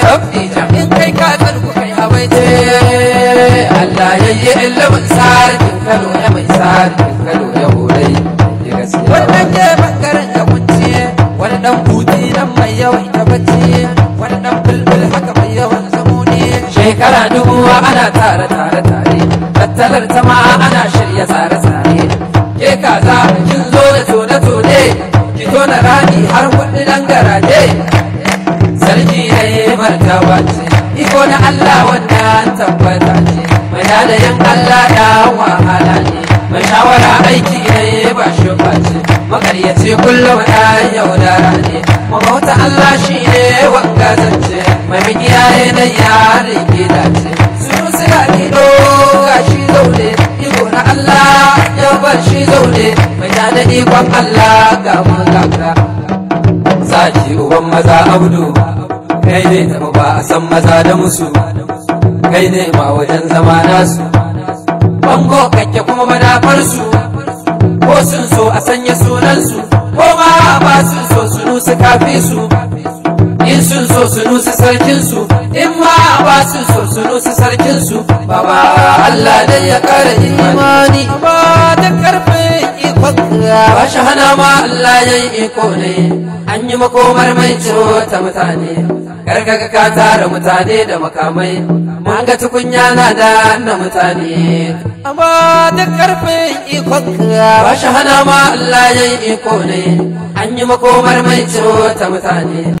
rabbi in kai ku kai Allah ya yi ilimin sarkin kano ya mai ya ke bangaren ya wani dan buti bacci wani dan mai yawan shekara ana tare ta ma ana shirya tsare tsare ke kaza kin zo da tone ki tona rani har huɗu dan garaje martaba iko na Allah wanda tabbata ce yan Allah da wahala ne mashawara aiki ne ba shi ce makaryaci kullum da yaudara ne mabauta Allah shi ne wanga zance mai mikiya ne da yare gida ce sunu suna gido ga shi zaune iko na Allah ya bar shi zaune mai dada ikon Allah ga magaka ci uban maza abdu kai ne na ba a san maza da musu kai ne ba wajen zama nasu bango kake kuma madafar su ko sun so a sanya sunan su. ko ma ba sun so su nusa kafi su in sun so su sarkin su. in ma ba sun so su sarkin su. baba Allah dai ya kare imani ba da karfe ikon ba shahana hana ma Allah ya yi iko ne an yi makomar mai ciro ta mutane karka ka tara mutane da makamai mun ga tukunya na da na mutane amma da karfin ikon ka ba shi hana ma Allah yayi iko ne an yi makomar mai ta mutane